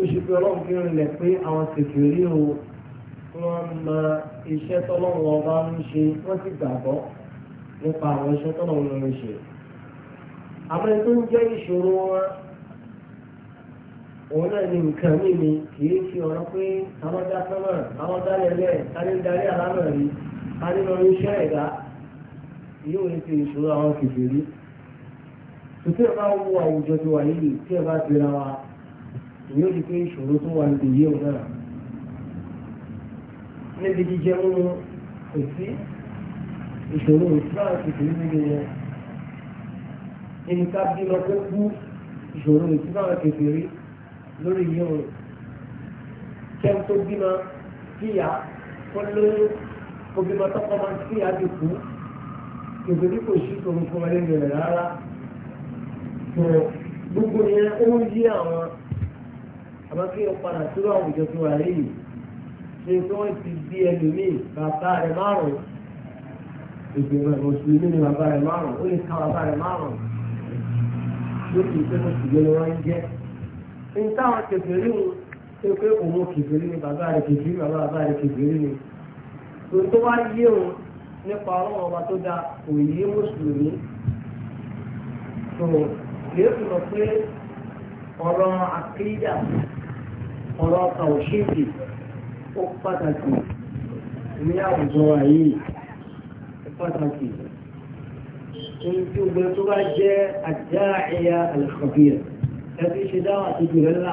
tó ṣe pé ọlọ́run fi rinlẹ̀ pé àwọn kèfèrí o wọ́n mọ iṣẹ́ tọ́lọ́run ọba ń ṣe wọ́n sì gbàgbọ́ nípa àwọn iṣẹ́ tọ́lọ́run ń ṣe. àmọ́ ẹni tó ń jẹ́ ìṣòro wọn òun náà ni nǹkan mí ni kì í fi ọ̀rọ̀ pé àwọn dá sọ́mọ̀ àwọn dálẹ̀ lẹ̀ kárí darí àlámọ̀ rí kárí lọ iṣẹ́ ẹ̀dá yóò ní ti ìṣòro àwọn kèfèrí. tòtí ẹ bá wo àwùjọ ti wà yìí tí ẹ bá ti ra wa yóò di pé ìṣòro tó wà níbi yé òun náà níbi jíjẹ mímu kò sí ìṣòro ìsìláà ti kò níbi yẹn ẹnìkan bí lọ kó kú ìṣòro ìsìláà kékeré lórí yé òun kẹ́mi tó bímọ kíyà kó lóyún kó bímọ tọkọ máa kíyà ti kú ìgbèrí kò sí ìṣòro fún ẹlẹ́nu rẹ̀ rárá gbogbo yẹn ó yí àwọn àmọ́ kí o padà sórí àwọn ìjọ tó wà lẹ́yìn ṣe kí wọ́n ti di ẹlòmíì bàbá rẹ̀ márùn-ún ìgbìmọ̀ mùsùlùmí ni bàbá rẹ̀ márùn-ún ó lè ká bàbá rẹ̀ márùn-ún ló kì í pé mùsùlùmí ni wọ́n ń jẹ́ ní táwọn kẹfìrí mu ṣe pé òun kẹfìrí ni bàbá rẹ̀ kẹfìrí bàbá bàbá rẹ̀ kẹfìrí ni tòun tó bá yé òun nípa ọlọ́run ọba tó da òye mùsùlùmí tó lè fi mọ̀ pé ọ̀rọ̀ àkéyà ọ̀rọ̀ tàwọ̀ṣíìkì ó pàtàkì ní àwùjọ ayé pàtàkì ohun tí ogun tó bá jẹ́ àjáàyà alìkọ̀bíyà ẹbí ṣe dáwà tó jù rẹ̀ ńlá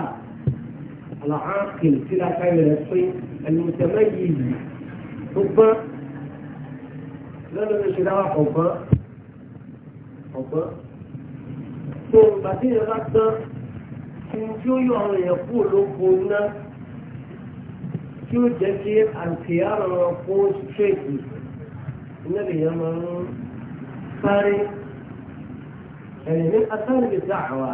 àlàáfíà tí lákàyè rẹ̀ pé ẹlòmùtẹ́mẹ́ yìí tó gbọ́n lọ́nà ló ṣe dáwà ọ̀gbọ́n ọ̀gbọ́n tó bàtí ìrọ̀lá tán tí ó yọ àwọn èèyàn kúrò lóko ná tí ó jẹ́ kí àǹtíyàrá wọn kó ṣèkì iná lèèyàn máa ń sáré ẹ̀yìn ní asáré dáhàwá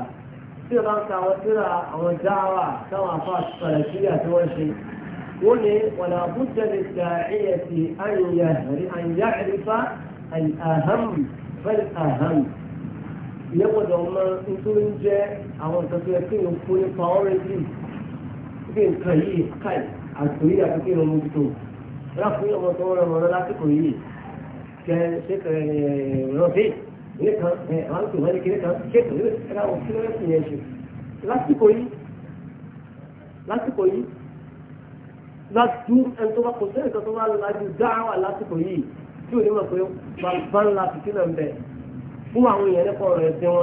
tí ìbá ń ka àwọn tíra àwọn dáhàwá táwọn afá sàlẹ̀kíyà tí wọ́n ṣe wọ́n ní wọ̀nà àbújá lè ta ẹ̀yẹ̀ sí àyìnyá àyìnyá àyìnyá àhàm fẹ́ẹ̀ àhàm ìyẹn gbọ́dọ̀ mọ nítorí ń jẹ́ àwọn nǹkan tó yẹ kí n fún ní priority bí nǹkan yìí káì àtòyí àti kí n mú tó ráfún ọmọ tó ń rọrùn lásìkò yìí kẹ ṣe kẹ rọbì nìkan ẹ àwọn tó wọlé kiri kan ṣe kẹ ẹ ká òfin lẹ́sìn yẹn ṣe lásìkò yìí lásìkò yìí lájú ẹni tó bá kò sẹ́yìn tó bá lajú dáhà wà lásìkò yìí tí ò ní mọ̀ pé bá ń la fìtí ń bẹ̀ fún àwọn èèyàn nípa ọ̀rọ̀ ẹ̀sìn wọn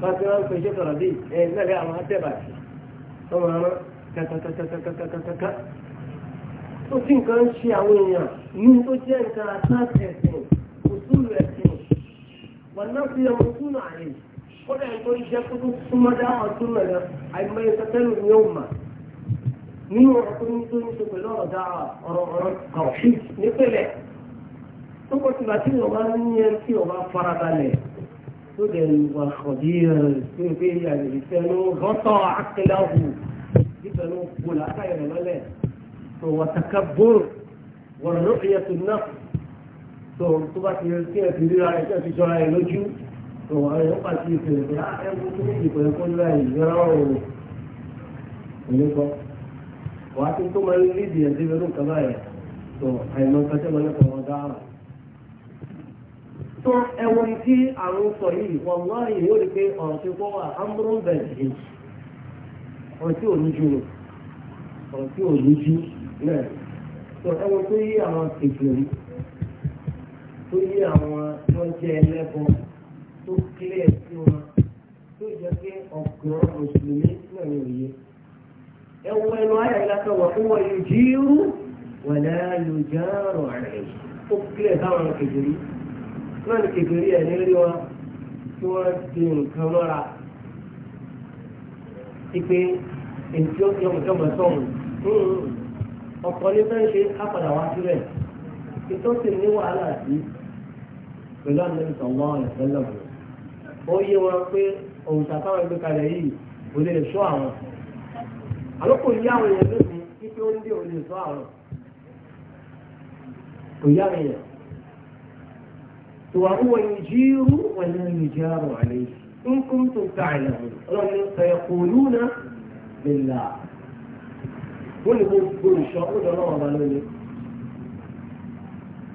wọ́n ti wọ́n pe iṣẹ́ sọ̀rọ̀ bíi ẹ̀ nílẹ̀ àwọn atẹ́bàtì wọ́n máa rán kàkàkàkàkàkàkà ó sì nǹkan ń ṣe àwọn èèyàn ní tó jẹ́ nǹkan àtàkì ẹ̀sìn òṣùlù ẹ̀sìn wọn náà fi ọmọ túnú àyè kódà ń tó jẹ́ kó tó súnmọ́ dá ọdún mẹ́lẹ́ àìmọye sọ́tẹ́lù ni ó mà nínú ọ̀rọ̀ tó ní tó ní ìgbà tí wọ́n bá ní ẹ tí wọ́n bá farabalẹ̀ tó dẹ̀ wà kọ̀dí rẹ̀ tó ń gbé ìfẹ́nu rọ́tọ̀ akẹ́lẹ́hù ìfẹ́nu kò látàyè rẹ̀ lọ́lẹ̀ tó wà takabur wà lóòyè tó náà tó tó bá ti rẹ̀ tí ẹ fi ríra ẹ̀ tí ẹ fi jọra ẹ̀ lójú tó wà ẹ̀ ń pàṣẹ ìfẹ́rẹ̀ pé ah, ẹ mú kí ní ìfẹ́ kó lọ ìyẹ́rọ̀ òòrùn ìlẹ́kọ̀ wà á ti tó tó ẹwọ́n tí àrùn sọ yìí wọ́n wá ìwé rí pé ọ̀rọ̀ tí wọ́n wà ámúrò bẹ̀rẹ̀ yìí ọ̀rọ̀ tí ò ní ju ọ̀rọ̀ tí ò ní ju náà tó ẹwọ́n tó yí àwọn ìgbèrú tó yí àwọn tó jẹ ẹlẹ́bọn tó kílẹ̀ sí wọn tó jẹ́ pé ọ̀gọ̀rọ̀ mùsùlùmí náà òye ẹwọ́n ẹnu ayọ̀ ìlàkọ̀ wà fún wọn yóò jí wọ̀lẹ́ yóò jẹ́ ọ̀rọ̀ rẹ̀ ó kílẹ̀ táwọn ìgbèrú náà ní kékeré ẹ̀ nílé wọn tí wọ́n ti nǹkan mọ́ra ipe èyí ọmọdéọmọ sọ̀rọ̀ hmm. ọkọ̀ ní fẹ́ ṣe ápàdà wá sílẹ̀ ìtọ́sí ní wàhálà sí pẹ̀lú àmì sọ̀wọ́ ẹ̀fẹ́lẹ̀ ó yé wọn pé òun ṣàtàwọn ẹgbẹ́ kalẹ̀ yìí kò lè sọ àwọn àlọ́ kò yá àwọn èèyàn lónìí wípé ó ń dé òun lè sọ àwọn kò yá àwọn èèyàn وهو يجير ولا يجار عليه إن كنتم تعلمون سيقولون لله قل قل إن شاء الله